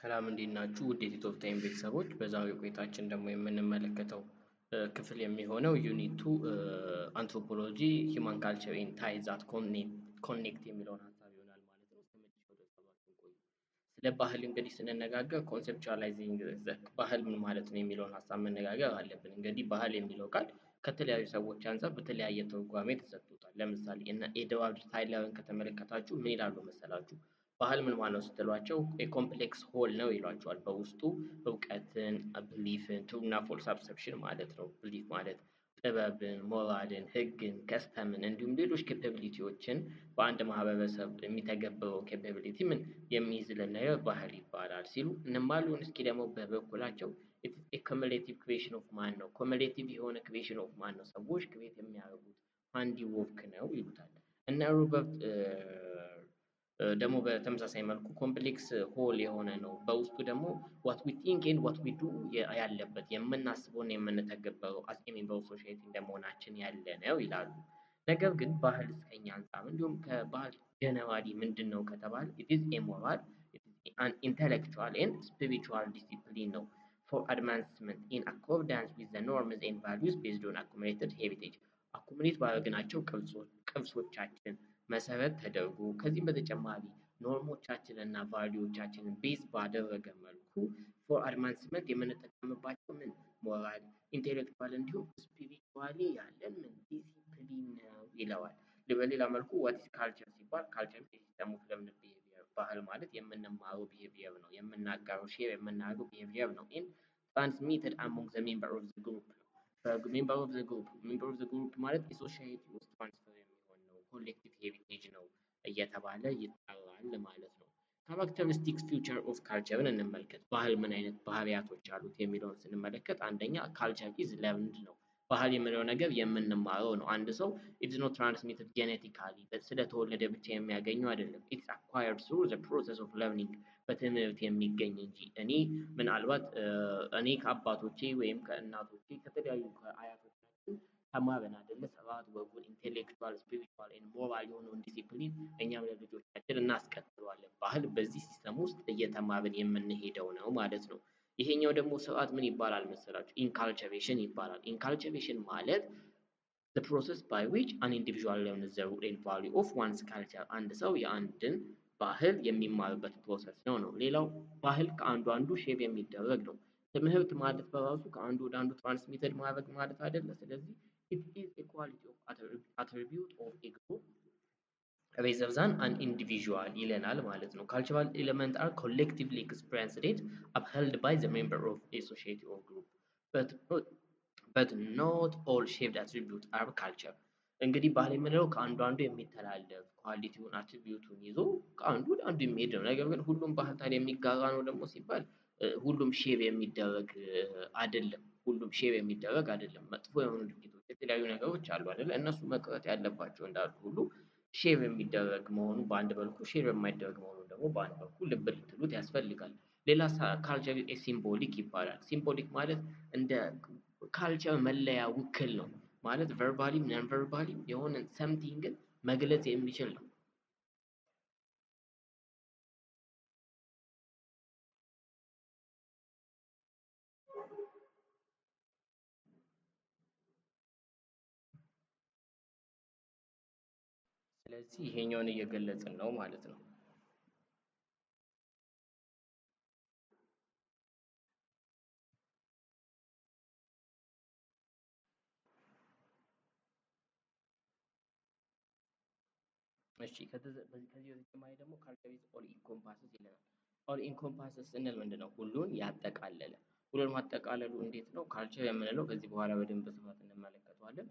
ሰላም እንዴት ናችሁ? ውድ የቲት ታይም ቤተሰቦች በዛሬው ቆይታችን ደግሞ የምንመለከተው ክፍል የሚሆነው ዩኒቱ አንትሮፖሎጂ ሂማን ካልቸር ኢን ታይዛት ኮኔክት የሚለውን ሀሳብ ይሆናል ማለት ነው። ስለ ባህል እንግዲህ ስንነጋገር ኮንሴፕቹዋላይዚንግ ባህል ምን ማለት ነው የሚለውን ሀሳብ መነጋገር አለብን። እንግዲህ ባህል የሚለው ቃል ከተለያዩ ሰዎች አንጻር በተለያየ ትርጓሜ ተሰጥቶታል። ለምሳሌ እና ኤድዋርድ ታይለርን ከተመለከታችሁ ምን ይላሉ መሰላችሁ? ባህል ምን ማለት ነው ስትሏቸው የኮምፕሌክስ ሆል ነው ይሏቸዋል። በውስጡ እውቀትን፣ ብሊፍን፣ ቱና ፎልስ አፕሰፕሽን ማለት ነው። ብሊፍ ማለት ጥበብን፣ ሞራልን፣ ህግን፣ ከስተምን እንዲሁም ሌሎች ኬፓቢሊቲዎችን በአንድ ማህበረሰብ የሚተገበረው ኬፓቢሊቲ ምን የሚይዝልን ነገር ባህል ይባላል ሲሉ እንማሉን። እስኪ ደግሞ በበኩላቸው ኮሚሌቲቭ ክሬሽን ኦፍ ማን ነው ኮሚሌቲቭ የሆነ ክሬሽን ኦፍ ማን ነው ሰዎች ክሬት የሚያደርጉት ሃንዲ ወርክ ነው ይሉታል እና ሮበርት ደግሞ በተመሳሳይ መልኩ ኮምፕሌክስ ሆል የሆነ ነው። በውስጡ ደግሞ ዋት ዊ ቲንክ ኤንድ ዋት ዊ ዱ ያለበት የምናስበውና የምንተገበረው አስ የሚንበው ሶሳይቲ እንደመሆናችን ያለ ነው ይላሉ። ነገር ግን ባህል እስከኛ አንጻር እንዲሁም ከባህል ጀነራሊ ምንድን ነው ከተባለ ኢትዝ ሞራል ኢንተሌክቹዋል ኤንድ ስፒሪቹዋል ዲሲፕሊን ነው ፎር አድቫንስመንት ኢን አኮርዳንስ ዊዝ ኖርምስ ኤንድ ቫሉስ ቤዝድ ኦን አኩሙሌትድ ሄሪቴጅ አኩሙሌት ባደረግናቸው ቅርሶቻችን መሰረት ተደርጎ ከዚህም በተጨማሪ ኖርሞቻችንን እና ቫሊዎቻችንን ቤዝ ባደረገ መልኩ ፎር አድቫንስመንት የምንጠቀምባቸው ምን ሞራል፣ ኢንቴሌክቹዋል እንዲሁም ስፒሪቹዋሊ ያለን ምን ዲሲፕሊን ነው ይለዋል። በሌላ መልኩ ዋት ካልቸር ሲባል ካልቸር ሲስተሙ ስለምን ብሄቪየር ባህል ማለት የምንማረው ብሄቪየር ነው የምናጋረው ሼር የምናደርገው ብሄቪየር ነው። ኢን ትራንስሚትድ አሞንግ ዘ ሜምበር ኦፍ ዘ ግሩፕ ነው። ሜምበር ኦፍ ዘ ግሩፕ ሜምበር ኦፍ ዘ ግሩፕ ማለት የሶሻይቲ ውስጥ ትራንስፈር ኮሌክቲቭ ሄሪቴጅ ነው እየተባለ ይጠራል ማለት ነው። ካራክተሪስቲክስ ፊውቸር ኦፍ ካልቸርን እንመልከት። ባህል ምን አይነት ባህሪያቶች አሉት የሚለውን ስንመለከት አንደኛ ካልቸር ኢዝ ለርንድ ነው። ባህል የምለው ነገር የምንማረው ነው። አንድ ሰው ኢትስ ኖት ትራንስሚትድ ጄኔቲካሊ ስለተወለደ ብቻ የሚያገኘው አይደለም። ኢትስ አኳየርድ ስሩ ዘ ፕሮሰስ ኦፍ ለርኒንግ በትምህርት የሚገኝ እንጂ እኔ ምናልባት እኔ ከአባቶቼ ወይም ከእናቶቼ ከተለያዩ ከአያቶቼ ተማርን አይደለ ስርዓት ወጉን ኢንቴሌክቹዋል ስፒሪቹዋል ኤንድ ሞራል የሆነውን ዲሲፕሊን እኛም ለልጆቻችን እናስቀጥለዋለን። ባህል በዚህ ሲስተም ውስጥ እየተማርን የምንሄደው ነው ማለት ነው። ይሄኛው ደግሞ ስርዓት ምን ይባላል መሰላችሁ? ኢንካልቸሬሽን ይባላል። ኢንካልቸሬሽን ማለት the process by which an individual learns the root and value of one's culture አንድ ሰው የአንድን ባህል የሚማርበት ፕሮሰስ ነው ነው። ሌላው ባህል ከአንዱ አንዱ ሼር የሚደረግ ነው። ትምህርት ማለት በራሱ ከአንዱ ወደ አንዱ ትራንስሚትድ ማድረግ ማለት አይደለ። ስለዚህ It is a quality of attribute of a group rather than an individual ይለናል ማለት ነው። cultural element are collectively experienced it upheld by the member of a society or group but but not all shaped attribute are culture እንግዲህ ባህል የምንለው ከአንዱ አንዱ የሚተላለፍ ኳሊቲውን አትሪቢዩቱን ይዞ ከአንዱ አንዱ የሚሄድ ነው። ነገር ግን ሁሉም ባህል ታዲያ የሚጋራ ነው ደግሞ ሲባል ሁሉም ሼብ የሚደረግ አይደለም። ሁሉም ሼብ የሚደረግ አይደለም። መጥፎ የሆኑ ድርጊቶች የተለያዩ ነገሮች አሉ አይደለ? እነሱ መቅረት ያለባቸው እንዳሉ ሁሉ ሼር የሚደረግ መሆኑ በአንድ በልኩ ሼር የማይደረግ መሆኑ ደግሞ በአንድ በኩ ልብ ልትሉት ያስፈልጋል። ሌላ ካልቸር ሲምቦሊክ ይባላል። ሲምቦሊክ ማለት እንደ ካልቸር መለያ ውክል ነው ማለት ቨርባሊም ነን ቨርባሊም የሆነን ሰምቲንግን መግለጽ የሚችል ነው። ስለዚህ ይሄኛውን እየገለጽን ነው ማለት ነው። እሺ ከዚህ ከዚህ በተጨማሪ ደግሞ ካልኩሌት ኦል ኢንኮምፓስስ ይለናል። ኦል ኢንኮምፓስስ ስንል ምንድን ነው? ሁሉን ያጠቃለለ። ሁሉን ማጠቃለሉ እንዴት ነው? ካልቸር የምንለው ከዚህ በኋላ በደንብ በስፋት እንመለከተዋለን።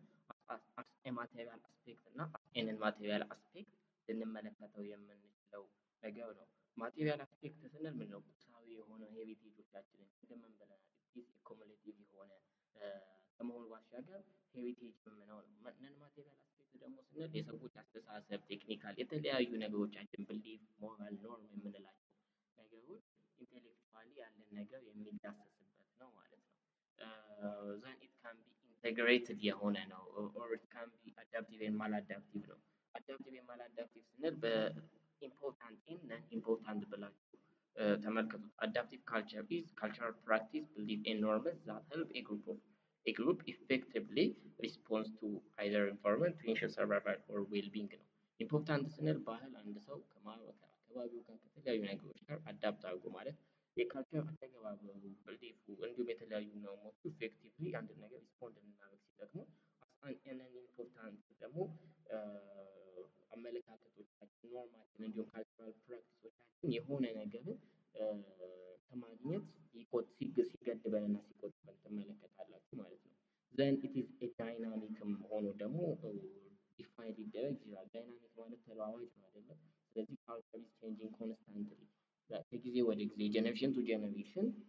የማቴሪያል አስፔክት እና ይህንን ማቴሪያል አስፔክት ልንመለከተው የምንችለው ነገር ነው። ማቴሪያል አስፔክት ስንል ምንድነው? ቁሳዊ የሆነ ሄሪቴጆቻችንን ቅድምም ብለናል ኮሙሌቲቭ የሆነ ከመሆኑ ባሻገር ሄሪቴጅ የምንለው ነው። ምን ማቴሪያል አስፔክት ደግሞ ስንል የሰዎች አስተሳሰብ፣ ቴክኒካል የተለያዩ ነገሮቻችን ብሊፍ፣ ሞራል፣ ኖርም የምንላቸው ነገሮች ኢንተሌክቹዋሊ ያለን ነገር የሚዳሰስበት ነው ማለት ነው። ዘን ኢት ካን ቢ ነገሬትድ የሆነ ነው ኦር ካን ቢ አዳፕቲቭ ኤንድ ማላዳፕቲቭ ነው። አዳፕቲቭ ኤንድ ማላዳፕቲቭ ስንል በኢምፖርታንት ኢን ነን ኢምፖርታንት ብላችሁ ተመልከቱት። አዳፕቲቭ ካልቸር ኢዝ ካልቸራል ፕራክቲስ ቢሊቭ ኢን ኖርምስ ዛት ሄልፕ ኤ ግሩፕ ኦፍ ኤ ግሩፕ ኢፌክቲቭሊ ሪስፖንስ ቱ አይዘር ኢንቫይሮንመንት ቱ ኢንሹር ሰርቫይቫል ኦር ዌልቢንግ ነው። ኢምፖርታንት ስንል ባህል አንድ ሰው ከአካባቢው ጋር ከተለያዩ ነገሮች ጋር አዳፕት አድርጎ ማለት የካልቸር አተገባበሩ እንዴት እንዲሁም የተለያዩ ናሙናዎቹ ኢፌክቲቭሊ አንድ ነገር ሪስፖንድ እንድናደርግ ሲጠቅሙ ያንን ኢምፖርታንት ደግሞ አመለካከቶቻችን ኖርማችን እንዲሁም ካልቸራል ፕራክቲሶቻችን የሆነ ነገርን ጀኔሬሽን ቱ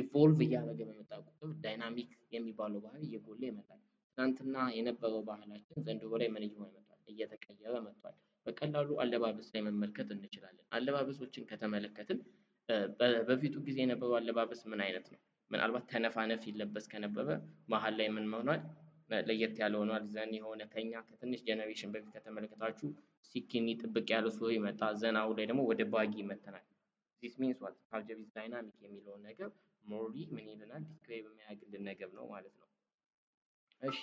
ኢቮልቭ እያደረገ በመጣ ቁጥር ዳይናሚክ የሚባለው ባህል እየጎላ ይመጣል። ትናንትና የነበረው ባህላችን ዘንድሮ ላይ ምን እየሆነ መጥቷል? እየተቀየረ መጥቷል። በቀላሉ አለባበስ ላይ መመልከት እንችላለን። አለባበሶችን ከተመለከትን በፊቱ ጊዜ የነበረው አለባበስ ምን አይነት ነው? ምናልባት ተነፋነፍ ይለበስ ከነበረ መሀል ላይ ምን ሆኗል? ለየት ያለ ሆኗል። ዘን የሆነ ከኛ ከትንሽ ጀኔሬሽን በፊት ከተመለከታችሁ ሲኪኒ ጥብቅ ያለ ሱሪ መጣ። ዘን አሁን ላይ ደግሞ ወደ ባጊ መተናል። ዚስ ሚንስ ዋት ካልቸር ዳይናሚክ የሚለውን ነገር ሞርሊ ምን ይለናል ዲስክራይብ የሚያደርግልን ነገር ነው ማለት ነው። እሺ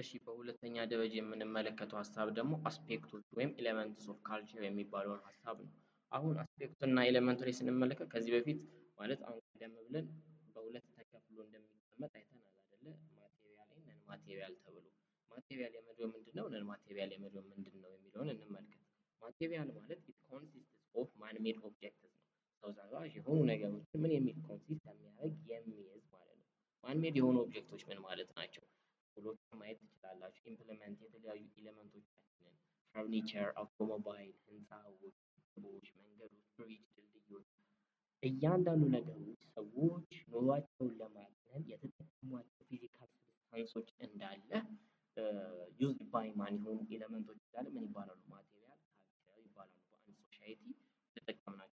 እሺ በሁለተኛ ደረጃ የምንመለከተው ሀሳብ ደግሞ አስፔክቶች ወይም ኤሌመንትስ ኦፍ ካልቸር የሚባለውን ሀሳብ ነው። አሁን አስፔክት እና ኤሌመንት ላይ ስንመለከት ከዚህ በፊት ማለት አሁን ቀደም ብለን በሁለት ተከፍሎ እንደሚቀመጥ አይተናል አይደለ? ማቴሪያል ተብሎ ማቴሪያል የምንለው ምንድን ነው? ነን ማቴሪያል የምንለው ምንድን ነው የሚለውን እንመልከት። ማቴሪያል ማለት ኢት ኮንሲስትስ ኦፍ ማን ሜድ ኦብጀክትስ ነው። ሰው ሰራሽ የሆኑ ነገሮችን ምን የሚል ኮንሲስት የሚያደርግ የሚይዝ ማለት ነው። ማን ሜድ የሆኑ ኦብጀክቶች ምን ማለት ናቸው? ሎችን ማየት ትችላላችሁ። ኢምፕሊመንት የተለያዩ ኤሌመንቶቻችንን ፈርኒቸር፣ አውቶሞባይል፣ ህንፃዎች፣ ቦች፣ መንገዶች፣ ብሪጅ፣ ድልድዮች እያንዳንዱ ነገሮች ሰዎች ኑሯቸውን ለማቅለል የተጠቀሟቸው ፊዚካል ሳይንሶች እንዳለ ዩዝድ ባይ ማን የሆኑ ኤለመንቶች እንዳለ ምን ይባላሉ? ማቴሪያል ካልቸር ይባላሉ። በአንድ ሶሳይቲ ተጠቀምናቸው።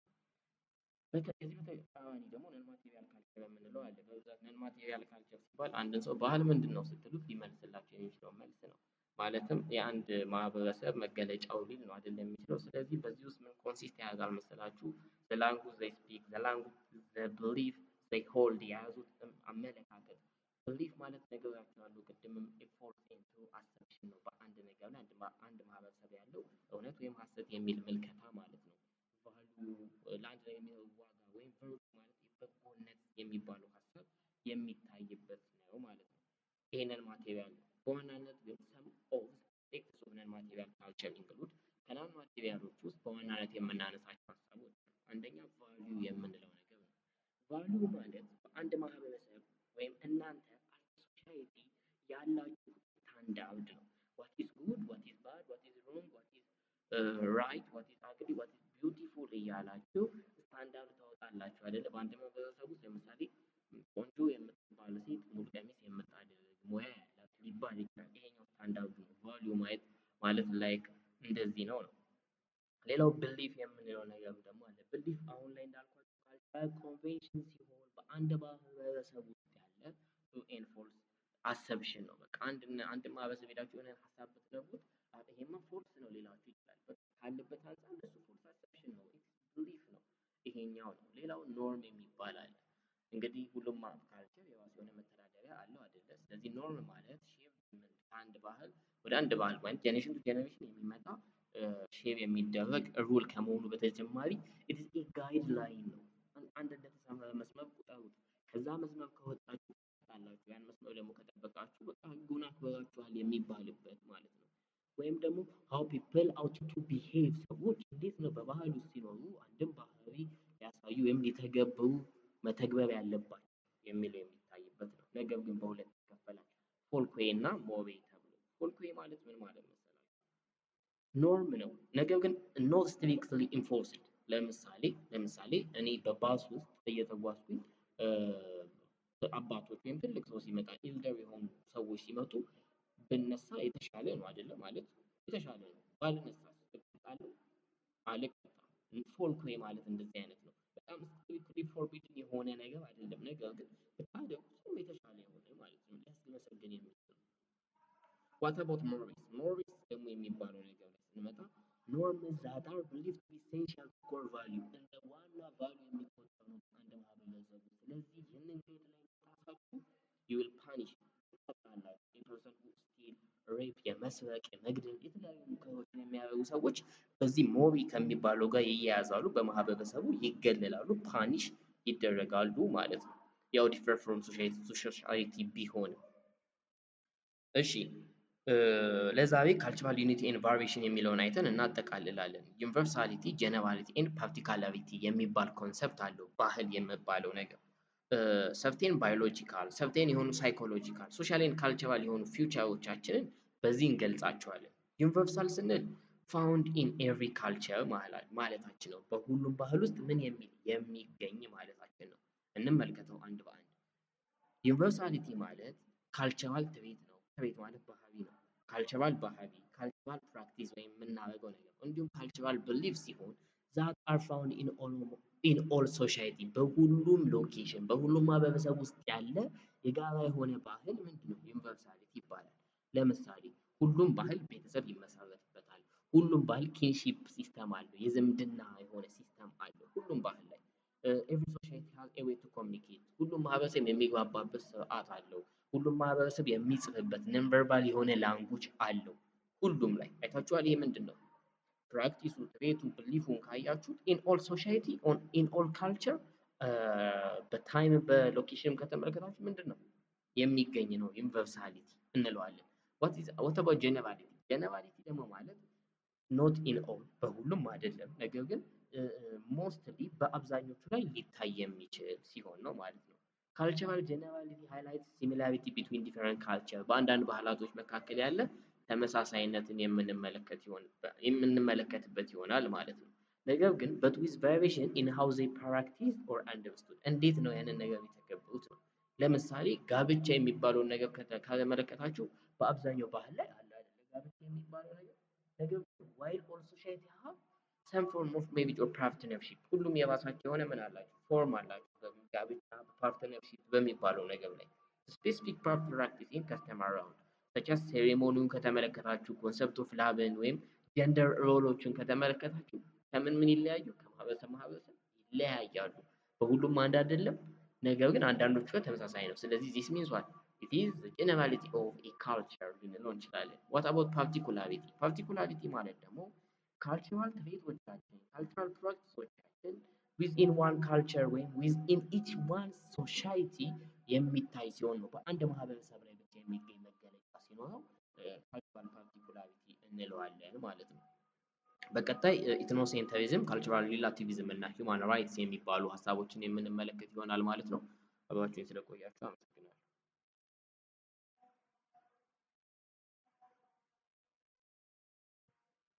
ከዚህ በተቃራኒ ደግሞ ነን ማቴሪያል ካልቸር የምንለው አለ። በብዛት ነን ማቴሪያል ካልቸር ሲባል አንድን ሰው ባህል ምንድን ነው ስትሉት ሊመልስላቸው የሚችለው መልስ ነው። ማለትም የአንድ ማህበረሰብ መገለጫው ሊል ነው አይደለም የሚችለው። ስለዚህ በዚህ ውስጥ ምን ኮንሲስት ያደርጋል መሰላችሁ? ዘ ላንጉጅ ዘይ ስፒክ ዘ ላንጉጅ ዘ ብሊቭ ዘይ ሆልድ የያዙት አመለካከት ቢሊፍ ማለት ነግሬያችኋለሁ ቅድምም ኤፎርት ኢንቱ አሰፕሽን ነው። በአንድ ነገር ላይ አንድ ማህበረሰብ ያለው እውነት ወይም ሀሰት የሚል ምልከታ ማለት ነው። ቫልዩ ለአንድ ነገር የሚኖረው ዋጋ ወይም ቨልዩ ማለት በጎነት የሚባለው ሀሳብ የሚታይበት ነው ማለት ነው። ይህንን ማቴሪያል በዋናነት ግን ሰም ኦፍ ኤክስ ሆነን ማቴሪያል ካልቸር ኢንክሉድ ከናን ማቴሪያሎች ውስጥ በዋናነት የምናነሳቸው ሀሳቦች አንደኛ ቫሉ የምንለው ነገር ነው። ቫሉ ማለት በአንድ ማህበረሰብ ወይም እናንተ ሶሳይቲ ያላችሁ ስታንድ ነው። ዋት ኢዝ ጉድ፣ ዋት ኢዝ ባድ፣ ዋት ኢዝ ሮንግ፣ ዋት ኢዝ ራይት፣ ዋት ኢዝ አግሊ፣ ዋት ኢዝ ቢዩቲፉል እያላችሁ ስታንድ አውት ታወጣላችሁ አይደለ? በአንድ ማህበረሰብ ውስጥ ለምሳሌ ቆንጆ የምትባል ሴት ሙሉ ቀሚስ የምታደርግ ሙያ ያላት ሊባል ይችላል። ይሄኛው ስታንድ ነው። ቫልዩ ማየት ማለት ላይክ እንደዚህ ነው ነው። ሌላው ብሊፍ የምንለው ነገር ደግሞ አለ። ብሊፍ አሁን ላይ እንዳልኳችሁ ካልቸራል ኮንቬንሽን ሲሆን በአንድ ማህበረሰብ ውስጥ ያለ ቱ ኤንፎርስ አሰብሽን ነው በቃ አንድ አንድ ማህበረሰብ ሄዳችሁ የሆነ ሀሳብ ብትነግሩት ይሄማ ፎርስ ነው ሊላችሁ ይችላል። በቃ ካለበት አንፃር እሱ ፎርስ አሰብሽን ነው ቢሊፍ ነው ይሄኛው ነው። ሌላው ኖርም የሚባል አለ። እንግዲህ ሁሉም ካልቸር የራሱ የሆነ መተዳደሪያ አለው አይደለ? ስለዚህ ኖርም ማለት ሼፕ ከአንድ ባህል ወደ አንድ ባህል ወይም ጄኔሬሽን ቱ ጄኔሬሽን የሚመጣ ሼር የሚደረግ ሩል ከመሆኑ በተጨማሪ አውትቱ ቢሄቭ ሰዎች እንዴት ነው በባህል ውስጥ ሲኖሩ አንድን ባህሪ ሊያሳዩ ወይም ሊተገብሩ መተግበር ያለባቸው የሚለው የሚታይበት ነው። ነገር ግን በሁለት ይከፈላል፣ ፎልክዌይ እና ሞሬይ ተብሎ። ፎልክዌይ ማለት ምን ማለት መሰላችሁ? ኖርም ነው፣ ነገር ግን ኖት ስትሪክትሊ ኢንፎርስድ። ለምሳሌ ለምሳሌ እኔ በባስ ውስጥ እየተጓዝኩኝ አባቶች ወይም ትልቅ ሰው ሲመጣ ኢልደር የሆኑ ሰዎች ሲመጡ ብነሳ የተሻለ ነው አይደለም ማለት የተሻለ ነው ባልነሳስ እቀጣለሁ አልቀጣም ፎልክ ዌይ ማለት እንደዚህ አይነት ነው። በጣም ስትሪክትሊ ፎርቢድን የሆነ ነገር አይደለም። ነገር ግን ብታደርጉ ሁሉ የተሻለ የሆነ ማለት ነው ሊያስመሰግን የሚችል ነው። ዋት አባውት ሞሪስ ሞሪስ ደግሞ የሚባለው ነገር ላይ ስንመጣ ኖርምስ ዳት አር ቢሊቭድ ቱ ኢሴንሻል ኮር ቫልዩ እንደ ዋና ቫልዩ የሚቆጠሩ አንድ ማህበረሰብ ስለዚህ ይህንን ግሬድ ላይ ታሳችሁ ዩ ዊል ፓኒሽ ሬፕ የመስበቅ፣ የመግደል የተለያዩ ሙከራዎችን የሚያደርጉ ሰዎች በዚህ ሞቢ ከሚባለው ጋር ይያያዛሉ በማህበረሰቡ ይገለላሉ ፓኒሽ ይደረጋሉ ማለት ነው። ያው ዲፍረንት ፍሮም ሶሻይቲ ቢሆንም እሺ ለዛሬ ካልቸራል ዩኒቲ ኤን ቫሪሽን የሚለውን አይተን እናጠቃልላለን። ዩኒቨርሳሊቲ፣ ጀነራሊቲ ኤን ፓርቲካላሪቲ የሚባል ኮንሰፕት አለው ባህል የሚባለው ነገር ሰብቴን ባዮሎጂካል ሰብቴን የሆኑ ሳይኮሎጂካል ሶሻልን ካልቸራል የሆኑ ፊውቸሮቻችንን በዚህ እንገልጻቸዋለን። ዩኒቨርሳል ስንል ፋውንድ ኢን ኤቭሪ ካልቸር ማለታችን ነው። በሁሉም ባህል ውስጥ ምን የሚል የሚገኝ ማለታችን ነው። እንመልከተው አንድ በአንድ። ዩኒቨርሳሊቲ ማለት ካልቸራል ትሬት ነው። ትሬት ማለት ባህሪ ነው። ካልቸራል ባህሪ፣ ካልቸራል ፕራክቲስ ወይም የምናደርገው ነገር እንዲሁም ካልቸራል ብሊፍ ሲሆን ዛት አር ፋውንድ ኢን ኦል ኢን ኦል ሶሳይቲ በሁሉም ሎኬሽን በሁሉም ማህበረሰብ ውስጥ ያለ የጋራ የሆነ ባህል ምንድን ነው? ዩኒቨርሳሊቲ ይባላል። ለምሳሌ ሁሉም ባህል ቤተሰብ ይመሰረትበታል። ሁሉም ባህል ኪንሺፕ ሲስተም አለው። የዝምድና የሆነ ሲስተም አለው ሁሉም ባህል ላይ ኤቭሪ ሶሳይቲ ሃዝ ኤ ዌይ ቱ ኮሚኒኬት ሁሉም ማህበረሰብ የሚግባባበት ስርዓት አለው። ሁሉም ማህበረሰብ የሚጽፍበት ነን ቨርባል የሆነ ላንጉጅ አለው። ሁሉም ላይ አይታችኋል። ይሄ ምንድን ነው ፕራክቲሱ ቤቱ ብሊፉን ካያችሁት ኢን ኦል ሶሳይቲ ኢን ኦል ካልቸር በታይም በሎኬሽንም ከተመለከታችሁ ምንድን ነው የሚገኝ ነው ዩኒቨርሳሊቲ እንለዋለን። ወተባ ጀነራሊቲ? ጀነራሊቲ ደግሞ ማለት ኖት ኢን ኦል በሁሉም አይደለም፣ ነገር ግን ሞስትሊ uh, uh, በአብዛኞቹ ላይ ሊታይ የሚችል ሲሆን ነው ማለት ነው። ካልቸራል ጀነራሊቲ ሃይላይት ሲሚላሪቲ ቢትዊን ዲፈረንት ካልቸር በአንዳንድ ባህላቶች መካከል ያለ ተመሳሳይነትን የምንመለከትበት ይሆናል ማለት ነው። ነገር ግን በት ዊዝ ቫሪዬሽን ኢን ሃው ዜይ ፕራክቲስ ኦር አንደርስቱድ እንዴት ነው ያንን ነገር የተገበሩት ነው። ለምሳሌ ጋብቻ የሚባለውን ነገር ካለመለከታችሁ በአብዛኛው ባህል ላይ አለ አይደለ? ጋብቻ የሚባለው ነገር ነገር ዋይል ኦር ሶሳይቲ ሃቭ ሰም ፎርም ኦፍ ሜሪጅ ኦር ፓርትነርሺፕ ሁሉም የራሳቸው የሆነ ምን አላቸው ፎርም አላቸው። ጋብቻ ፓርትነርሺፕ በሚባለው ነገር ላይ ስፔሲፊክ ፓርት ፕራክቲስ ኢን ከስተማር አሁን such as ሴሬሞኒውን ከተመለከታችሁ ኮንሰፕት ኦፍ ላብን ወይም ጀንደር ሮሎችን ከተመለከታችሁ ከምን ምን ይለያዩ? ከማህበረሰብ ማህበረሰብ ይለያያሉ። በሁሉም አንድ አይደለም፣ ነገር ግን አንዳንዶቹ ተመሳሳይ ነው። ስለዚህ ዚስ ሚንስ ዋት ኢት ኢዝ ጀነራሊቲ ኦፍ ኤ ካልቸር ልንለው እንችላለን። ዋት አባውት ፓርቲኩላሪቲ? ፓርቲኩላሪቲ ማለት ደግሞ ካልቸራል ትሬቶቻችን ካልቸራል ፕራክቲሶቻችን ዊዝኢን ዋን ካልቸር ወይም ዊዝኢን ኢች ዋን ሶሳይቲ የሚታይ ሲሆን ነው በአንድ ማህበረሰብ ላይ ብቻ የሚገኝ የሚሆነው ሃይፐር ፓርቲኩላሪቲ እንለዋለን ማለት ነው። በቀጣይ ኢትኖሴንተሪዝም፣ ካልቸራል ሪላቲቪዝም እና ሂውማን ራይትስ የሚባሉ ሀሳቦችን የምንመለከት ይሆናል ማለት ነው። አብራችሁ ስለቆያችሁ አመሰግናለሁ።